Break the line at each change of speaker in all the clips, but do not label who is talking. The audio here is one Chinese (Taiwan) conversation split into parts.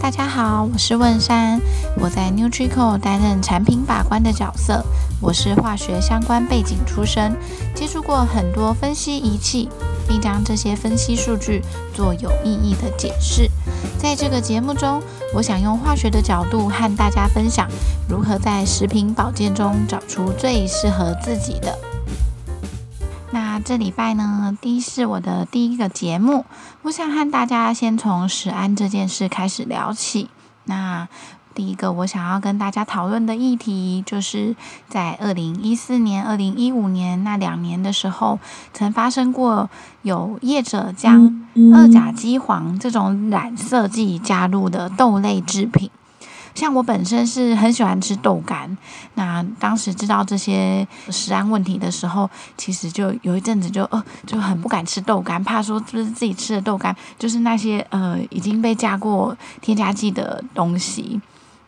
大家好，我是汶珊，我在 NutriCore 擔任產品把關的角色。我是化學相關背景出身，接觸過很多分析儀器，並將這些分析數據做有意義的解釋。在這個節目中，我想用化學的角度和大家分享，如何在食品保健中找出最適合自己的。這禮拜呢，第一是我的第一個節目，我想和大家先從食安這件事開始聊起。那第一個我想要跟大家討論的議題，就是在二零一四年、二零一五年那兩年的時候，曾發生過有業者將二甲基黃這種染色劑加入的豆類製品。像我本身是很喜歡吃豆乾，那當時知道這些食安問題的時候，其實就有一陣子就呃、哦、就很不敢吃豆乾，怕說是不是自己吃的豆乾就是那些呃已經被加過添加劑的東西。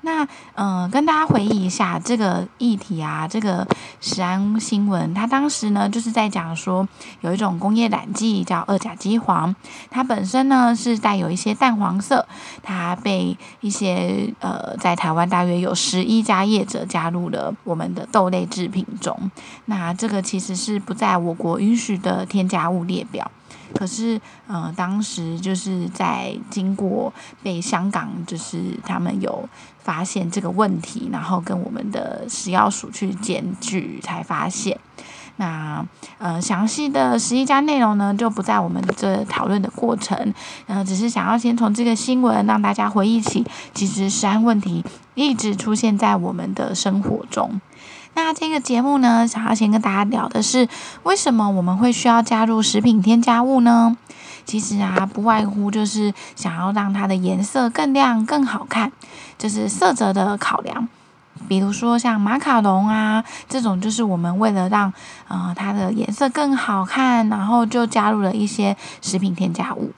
那嗯、呃，跟大家回憶一下這個議題啊，這個食安新聞，它當時呢就是在講說有一種工業染劑叫二甲基黃，它本身呢是帶有一些淡黃色，它被一些呃在台灣大約有十一家業者加入了我們的豆類製品中，那這個其實是不在我國允許的添加物列表。可是，呃，當時就是在經過被香港，就是他們有發現這個問題，然後跟我們的食藥署去檢舉，才發現。那，呃，詳細的十一家內容呢，就不在我們這討論的過程。嗯、呃，只是想要先從這個新聞讓大家回憶起，其實食安問題一直出現在我們的生活中。那這個節目呢，想要先跟大家聊的是，為什麼我們會需要加入食品添加物呢？其實啊，不外乎就是想要讓它的顏色更亮、更好看，就是色澤的考量。比如說像馬卡龍啊這種，就是我們為了讓呃它的顏色更好看，然後就加入了一些食品添加物。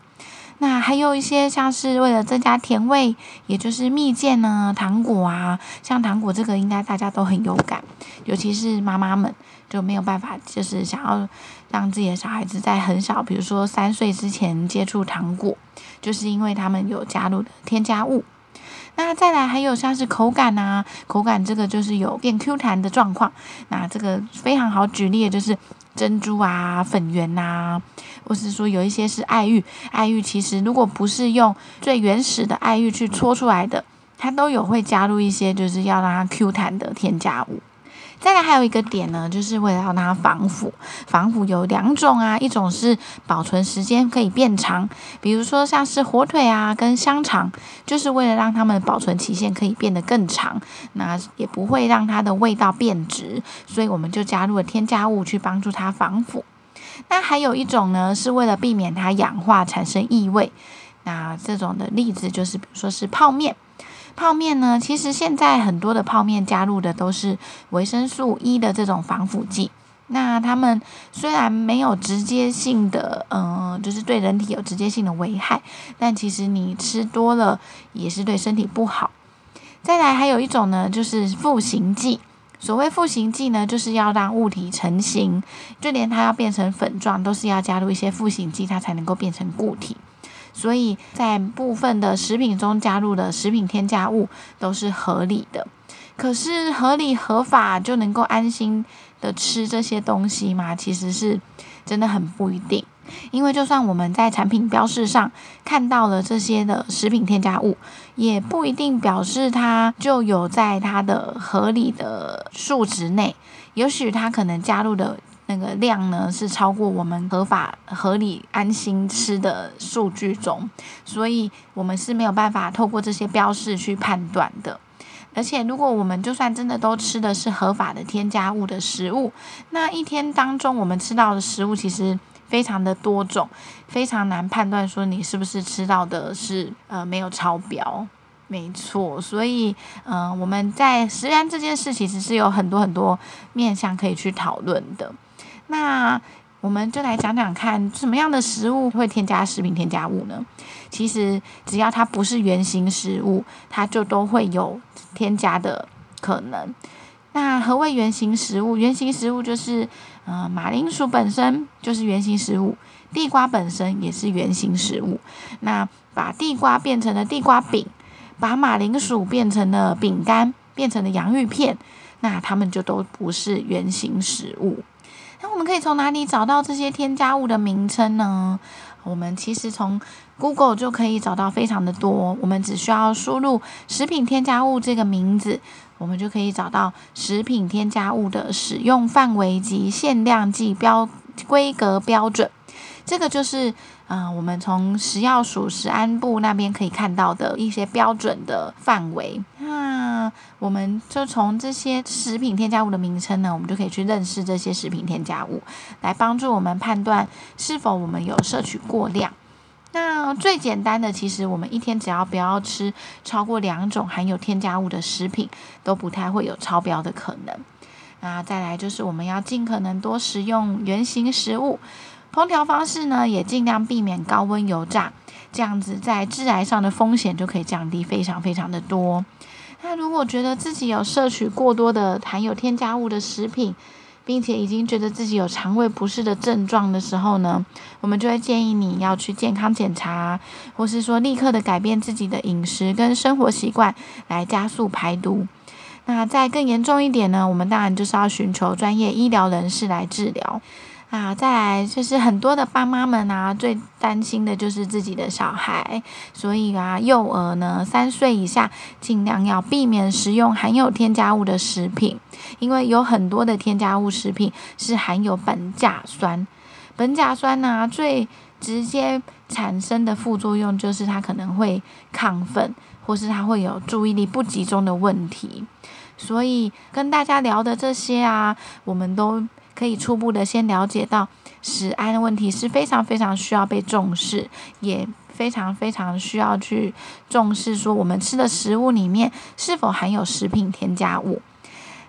那還有一些像是為了增加甜味，也就是蜜餞呢、啊、糖果啊，像糖果這個應該大家都很有感，尤其是媽媽們就沒有辦法，就是想要讓自己的小孩子在很小，比如說三歲之前接觸糖果，就是因為他們有加入的添加物。那再來還有像是口感啊，口感這個就是有變 Q 彈的狀況，那這個非常好舉例的就是。珍珠啊，粉圓吶、啊，或是說有一些是愛玉，愛玉其實如果不是用最原始的愛玉去搓出來的，它都有會加入一些就是要讓它 Q 彈的添加物。再來還有一個點呢，就是為了讓它防腐。防腐有兩種啊，一種是保存時間可以變長，比如說像是火腿啊跟香腸，就是為了讓它們保存期限可以變得更長，那也不會讓它的味道變質，所以我們就加入了添加物去幫助它防腐。那還有一種呢，是為了避免它氧化產生異味，那這種的例子就是，比如說是泡面。泡麵呢，其實現在很多的泡麵加入的都是維生素 E 的這種防腐劑。那它們雖然沒有直接性的，嗯、呃，就是對人體有直接性的危害，但其實你吃多了也是對身體不好。再來，還有一種呢，就是賦形劑。所謂賦形劑呢，就是要讓物體成型，就連它要變成粉狀，都是要加入一些賦形劑，它才能夠變成固體。所以在部分的食品中加入的食品添加物都是合理的，可是合理合法就能夠安心的吃這些東西嗎？其實是真的很不一定，因為就算我們在產品標示上看到了這些的食品添加物，也不一定表示它就有在它的合理的數值內，也許它可能加入的。那個量呢，是超過我們合法、合理、安心吃的數據中，所以我們是沒有辦法透過這些標示去判斷的。而且，如果我們就算真的都吃的是合法的添加物的食物，那一天當中我們吃到的食物其實非常的多種，非常難判斷說你是不是吃到的是呃沒有超標。沒錯，所以嗯、呃，我們在食安這件事其實是有很多很多面向可以去討論的。那我們就來講講看，什麼樣的食物會添加食品添加物呢？其實，只要它不是原型食物，它就都會有添加的可能。那何為原型食物？原型食物就是，呃，馬鈴薯本身就是原型食物，地瓜本身也是原型食物。那把地瓜變成了地瓜餅，把馬鈴薯變成了餅乾，變成了洋芋片，那它們就都不是原型食物。那、啊、我們可以從哪裡找到這些添加物的名稱呢？我們其實從 Google 就可以找到非常的多。我們只需要輸入“食品添加物”這個名字，我們就可以找到食品添加物的使用範圍及限量暨規格標準。這個就是啊、呃，我們從食藥署食安部那邊可以看到的一些標準的範圍。我們就從這些食品添加物的名稱呢，我們就可以去認識這些食品添加物，來幫助我們判斷是否我們有攝取過量。那最簡單的，其實我們一天只要不要吃超過兩種含有添加物的食品，都不太會有超標的可能。啊，再來就是我們要盡可能多食用原型食物，烹調方式呢也盡量避免高溫油炸，這樣子在致癌上的風險就可以降低非常非常的多。那如果覺得自己有攝取過多的含有添加物的食品，並且已經覺得自己有腸胃不適的症狀的時候呢，我們就會建議你要去健康檢查，或是說立刻的改變自己的飲食跟生活習慣來加速排毒。那再更嚴重一點呢，我們當然就是要尋求專業醫療人士來治療。啊，再來就是很多的爸媽們啊，最擔心的就是自己的小孩，所以啊，幼兒呢，三歲以下盡量要避免食用含有添加物的食品，因為有很多的添加物食品是含有苯甲酸。苯甲酸呢、啊，最直接產生的副作用就是它可能會亢奮，或是它會有注意力不集中的問題。所以跟大家聊的這些啊，我們都。可以初步的先了解到，食安的問題是非常非常需要被重視，也非常非常需要去重視，說我們吃的食物裡面是否含有食品添加物。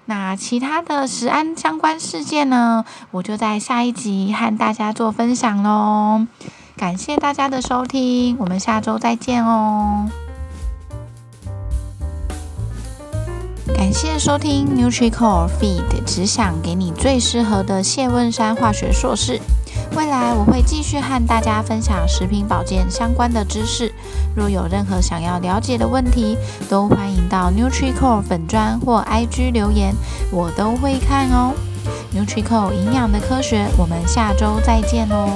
那其他的食安相關事件呢，我就在下一集和大家做分享嘍。感謝大家的收聽，我們下周再見哦。感謝收聽 NutriCore Feed，只想給你最適合的謝汶珊化學碩士。未來我會繼續和大家分享食品保健相關的知識。若有任何想要了解的問題，都歡迎到 NutriCore 粉專或 IG 留言，我都會看哦。NutriCore 營養的科學，我們下周再見哦。